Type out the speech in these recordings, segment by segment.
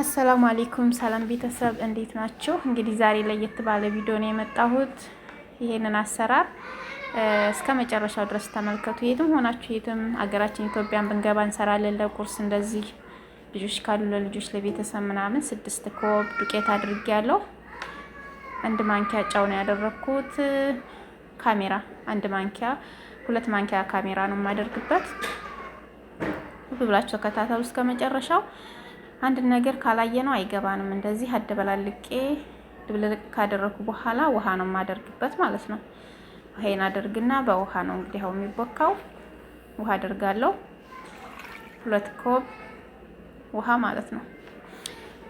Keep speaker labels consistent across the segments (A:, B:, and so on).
A: አሰላሙ አሌይኩም ሰላም ቤተሰብ እንዴት ናችሁ? እንግዲህ ዛሬ ለየት ባለ ቪዲዮ ነው የመጣሁት። ይሄንን አሰራር እስከ መጨረሻው ድረስ ተመልከቱ። የትም ሆናችሁ የትም አገራችን ኢትዮጵያን ብንገባ እንሰራለን። ለቁርስ እንደዚህ ልጆች ካሉ ለልጆች ለቤተሰብ ምናምን ስድስት ኮብ ዱቄት አድርጌ ያለው አንድ ማንኪያ ጨው ነው ያደረኩት። ካሜራ አንድ ማንኪያ ሁለት ማንኪያ ካሜራ ነው የማደርግበት። ብላችሁ ተከታተሉ እስከ መጨረሻው አንድን ነገር ካላየነው አይገባንም። እንደዚህ አደበላልቄ ድብልቅ ካደረኩ በኋላ ውሃ ነው የማደርግበት ማለት ነው። ውሃዬን አደርግና በውሃ ነው እንግዲህ አሁን የሚቦካው። ውሃ አደርጋለሁ ሁለት ኮብ ውሃ ማለት ነው።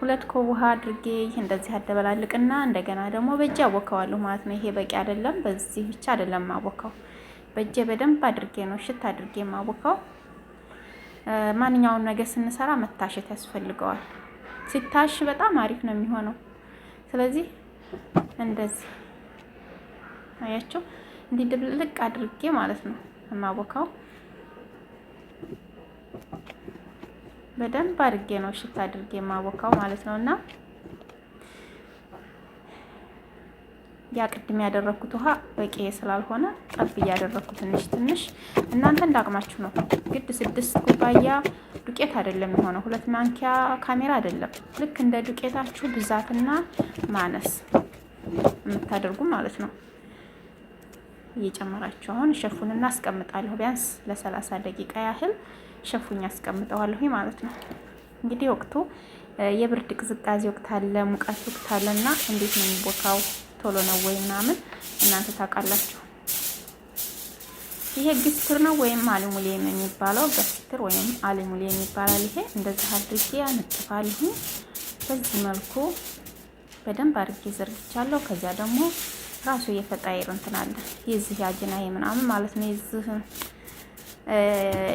A: ሁለት ኮብ ውሃ አድርጌ እንደዚህ አደበላልቅና እንደገና ደግሞ በእጄ አቦካዋለሁ ማለት ነው። ይሄ በቂ አይደለም። በዚህ ብቻ አይደለም ማቦካው፣ በእጄ በደንብ አድርጌ ነው ሽት አድርጌ ማቦካው። ማንኛውን ነገር ስንሰራ መታሸት ያስፈልገዋል። ሲታሽ በጣም አሪፍ ነው የሚሆነው። ስለዚህ እንደዚህ አያቸው እንዲህ ድብልቅ አድርጌ ማለት ነው የማቦካው። በደንብ አድርጌ ነው ሽታ አድርጌ የማቦካው ማለት ነው እና ያ ቅድም ያደረግኩት ውሃ በቂ ስላልሆነ ጠብ እያደረግኩ ትንሽ ትንሽ እናንተ እንዳቅማችሁ ነው። ግድ ስድስት ኩባያ ዱቄት አይደለም የሆነው፣ ሁለት ማንኪያ ካሜራ አይደለም። ልክ እንደ ዱቄታችሁ ብዛትና ማነስ የምታደርጉ ማለት ነው እየጨመራችሁ አሁን ሸፉንና አስቀምጣለሁ። ቢያንስ ለሰላሳ ደቂቃ ያህል ሸፉኝ አስቀምጠዋለሁ ማለት ነው። እንግዲህ ወቅቱ የብርድ ቅዝቃዜ ወቅት አለ፣ ሙቀት ወቅት አለ እና እንዴት ነው የሚቦካው ቶሎ ነው ወይ ምናምን እናንተ ታውቃላችሁ። ይሄ ግስትር ነው ወይም አልሙሊየም የሚባለው በስትር ወይም አልሙሊየም ይባላል። ይሄ እንደዚህ አድርጌ አነጥፋለሁ። በዚህ መልኩ በደንብ አድርጌ ዘርግቻለሁ። ከዚያ ደግሞ ራሱ የፈጣይር እንትን አለ የዚህ አጅና ምናምን ማለት ነው የዚህ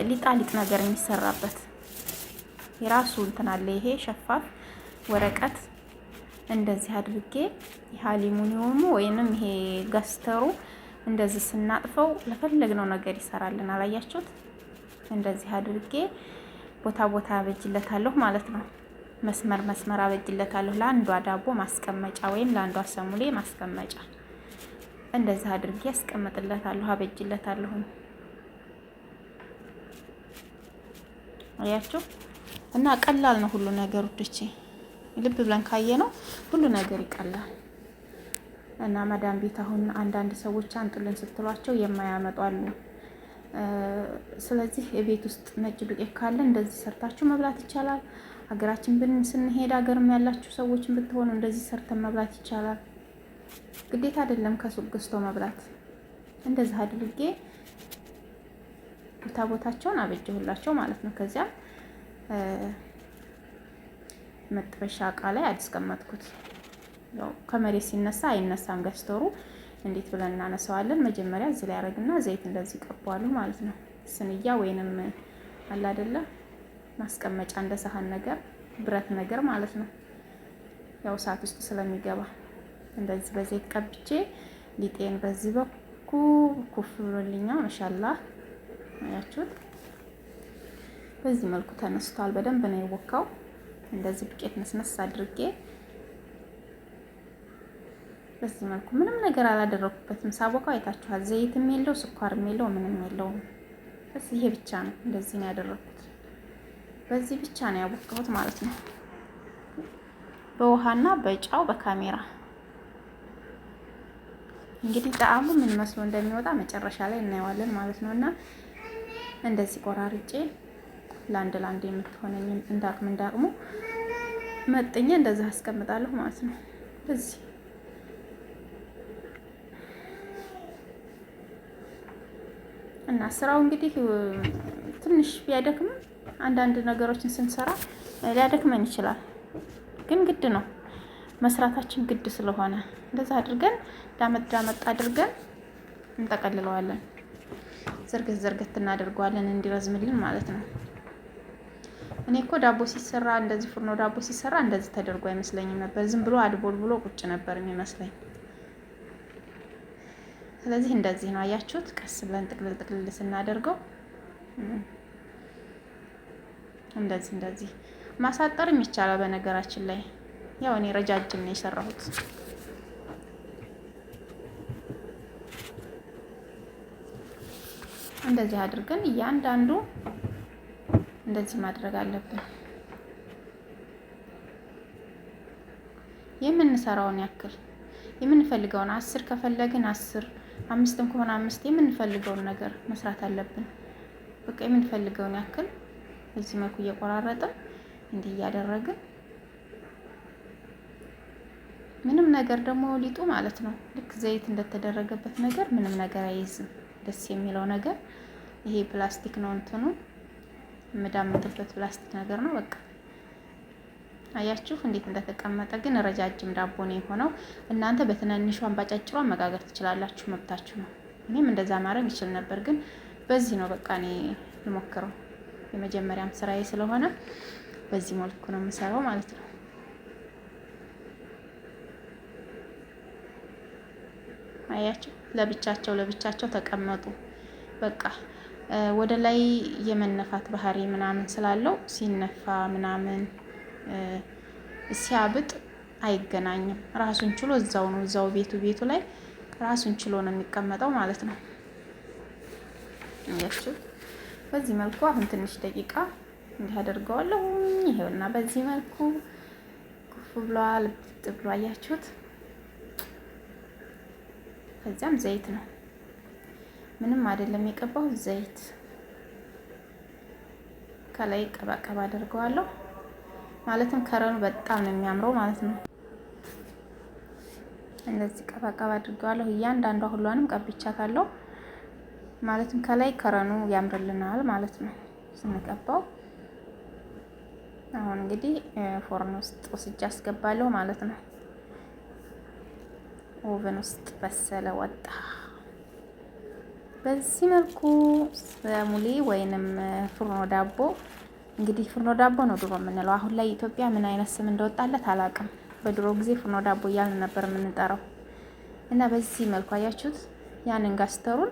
A: ሊጣሊጥ ነገር የሚሰራበት የራሱ እንትን አለ። ይሄ ሸፋፍ ወረቀት እንደዚህ አድርጌ ይህ አሊሙኒየሙ ወይንም ይሄ ገስተሩ እንደዚህ ስናጥፈው ለፈለግነው ነገር ይሰራልን። አላያችሁት? እንደዚህ አድርጌ ቦታ ቦታ አበጅለታለሁ ማለት ነው። መስመር መስመር አበጅለታለሁ ለአንዷ ዳቦ ማስቀመጫ ወይም ለአንዷ ሰሙሌ ማስቀመጫ እንደዚህ አድርጌ አስቀምጥለታለሁ፣ አበጅለታለሁ። አያችሁ እና ቀላል ነው ሁሉ ነገር ውድቼ ልብ ብለን ካየ ነው ሁሉ ነገር ይቀላል። እና መዳም ቤት አሁን አንዳንድ ሰዎች አንጥልን ስትሏቸው የማያመጡ አሉ። ስለዚህ የቤት ውስጥ ነጭ ዱቄት ካለ እንደዚህ ሰርታችሁ መብላት ይቻላል። ሀገራችን ብን ስንሄድ ሀገርም ያላችሁ ሰዎችን ብትሆኑ እንደዚህ ሰርተን መብላት ይቻላል። ግዴታ አይደለም ከሱቅ ገዝቶ መብላት። እንደዚህ አድርጌ ቦታ ቦታቸውን አበጀሁላቸው ማለት ነው ከዚያም። መጥበሻ እቃ ላይ አስቀመጥኩት። ያው ከመሬት ሲነሳ አይነሳም ገስቶሩ እንዴት ብለን እናነሳዋለን? መጀመሪያ እዚህ ላይ አረግና ዘይት እንደዚህ ቀባዋለሁ ማለት ነው። ስንያ ወይንም አለ አይደለ ማስቀመጫ እንደ ሰሃን ነገር ብረት ነገር ማለት ነው። ያው ሰዓት ውስጥ ስለሚገባ እንደዚህ በዘይት ቀብቼ ሊጤን በዚህ በኩል ኩፍ ብሎልኛ ማሻላ አያችሁት። በዚህ መልኩ ተነስቷል። በደንብ ነው የወካው። እንደዚህ ዱቄት ነስነስ አድርጌ በዚህ መልኩ ምንም ነገር አላደረኩበትም። ሳቦካው አይታችኋል። ዘይትም የለው ስኳርም የለው ምንም የለውም። በዚህ ይሄ ብቻ ነው እንደዚህ ነው ያደረኩት። በዚህ ብቻ ነው ያቦካሁት ማለት ነው። በውሃና በጫው በካሜራ እንግዲህ ጣዕሙ ምን መስሎ እንደሚወጣ መጨረሻ ላይ እናየዋለን ማለት ነው እና እንደዚህ ቆራርጬ ለአንድ ለአንድ የምትሆነኝን እንዳቅም እንዳቅሙ መጠኛ እንደዚህ አስቀምጣለሁ ማለት ነው። በዚህ እና ስራው እንግዲህ ትንሽ ቢያደክም አንዳንድ ነገሮችን ስንሰራ ሊያደክመን ይችላል፣ ግን ግድ ነው መስራታችን ግድ ስለሆነ እንደዛ አድርገን ዳመጥ ዳመጥ አድርገን እንጠቀልለዋለን። ዝርግት ዝርግት እናደርገዋለን እንዲረዝምልን ማለት ነው። እኔ እኮ ዳቦ ሲሰራ እንደዚህ ፍርኖ ዳቦ ሲሰራ እንደዚህ ተደርጎ አይመስለኝም ነበር። ዝም ብሎ አድቦል ብሎ ቁጭ ነበር የሚመስለኝ። ስለዚህ እንደዚህ ነው አያችሁት። ቀስ ብለን ጥቅልል ጥቅልል ስናደርገው እንደዚህ እንደዚህ ማሳጠርም ይቻላል። በነገራችን ላይ ያው እኔ ረጃጅም ነው የሰራሁት። እንደዚህ አድርገን እያንዳንዱ እንደዚህ ማድረግ አለብን። የምንሰራውን ያክል የምንፈልገውን አስር ከፈለግን አስር አምስትም ከሆነ አምስት የምንፈልገውን ነገር መስራት አለብን። በቃ የምንፈልገውን ያክል በዚህ መልኩ እየቆራረጥን እንዲህ እያደረግን ምንም ነገር ደግሞ ሊጡ ማለት ነው ልክ ዘይት እንደተደረገበት ነገር ምንም ነገር አይይዝም። ደስ የሚለው ነገር ይሄ ፕላስቲክ ነው እንትኑ መዳም ፕላስቲክ ነገር ነው። በቃ አያችሁ እንዴት እንደተቀመጠ ግን ረጃጅም ዳቦ ነው የሆነው። እናንተ በትናንሿን ባጫጭሯ መጋገር ትችላላችሁ፣ መብታችሁ ነው። እኔም እንደዛ ማድረግ ይችል ነበር፣ ግን በዚህ ነው በቃ እኔ ልሞክረው የመጀመሪያም ስራዬ ስለሆነ በዚህ መልኩ ነው የምሰራው ማለት ነው። አያችሁ ለብቻቸው ለብቻቸው ተቀመጡ በቃ ወደ ላይ የመነፋት ባህሪ ምናምን ስላለው ሲነፋ ምናምን ሲያብጥ አይገናኝም። ራሱን ችሎ እዛው ነው እዛው ቤቱ ቤቱ ላይ ራሱን ችሎ ነው የሚቀመጠው ማለት ነው። በዚህ መልኩ አሁን ትንሽ ደቂቃ እንዲህ አደርገዋለሁ። ይሄውና በዚህ መልኩ ኩፍ ብሏል፣ ብጥ ብሎ አያችሁት። ከዚያም ዘይት ነው ምንም አይደለም የቀባው ዘይት ከላይ ቀባቀባ አድርገዋለሁ። ማለትም ከረኑ በጣም ነው የሚያምረው ማለት ነው። እንደዚህ ቀባቀባ አድርገዋለሁ። እያንዳንዷ ሁሏንም ቀብቻታለሁ። ማለትም ከላይ ከረኑ ያምርልናል ማለት ነው ስንቀባው። አሁን እንግዲህ ፎርን ውስጥ ወስጄ አስገባለሁ ማለት ነው። ኦቨን ውስጥ በሰለ ወጣ። በዚህ መልኩ ሰሙሊ ወይንም ፍርኖ ዳቦ እንግዲህ ፍርኖ ዳቦ ነው ድሮ የምንለው። አሁን ላይ ኢትዮጵያ ምን አይነት ስም እንደወጣለት አላውቅም። በድሮ ጊዜ ፍርኖ ዳቦ እያልን ነበር የምንጠራው እና በዚህ መልኩ አያችሁት። ያንን ጋስተሩን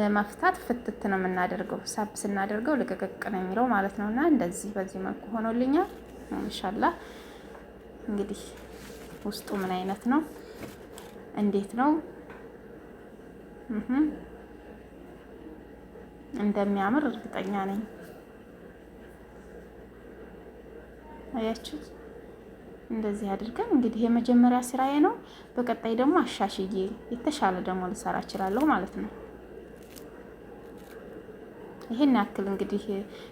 A: ለመፍታት ፍትት ነው የምናደርገው። ሳብ ስናደርገው ልቅቅቅ ነው የሚለው ማለት ነው። እና እንደዚህ በዚህ መልኩ ሆኖልኛል። እንሻላ እንግዲህ ውስጡ ምን አይነት ነው እንዴት ነው እንደሚያምር እርግጠኛ ነኝ። አያችሁት? እንደዚህ አድርገን እንግዲህ የመጀመሪያ ስራዬ ነው። በቀጣይ ደግሞ አሻሽዬ የተሻለ ደግሞ ልሰራ እችላለሁ ማለት ነው። ይሄን ያክል እንግዲህ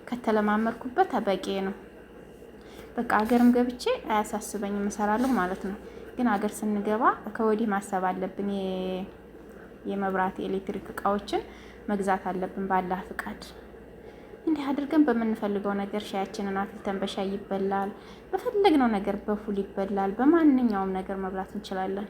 A: ከተለማመርኩበት በቂ ነው። በቃ አገርም ገብቼ አያሳስበኝም እሰራለሁ ማለት ነው። ግን አገር ስንገባ ከወዲህ ማሰብ አለብን የመብራት የኤሌክትሪክ እቃዎችን መግዛት አለብን ባላህ ፍቃድ። እንዲህ አድርገን በምንፈልገው ነገር ሻያችንን አፍልተን በሻይ ይበላል፣ በፈለግነው ነገር በፉል ይበላል። በማንኛውም ነገር መብላት እንችላለን።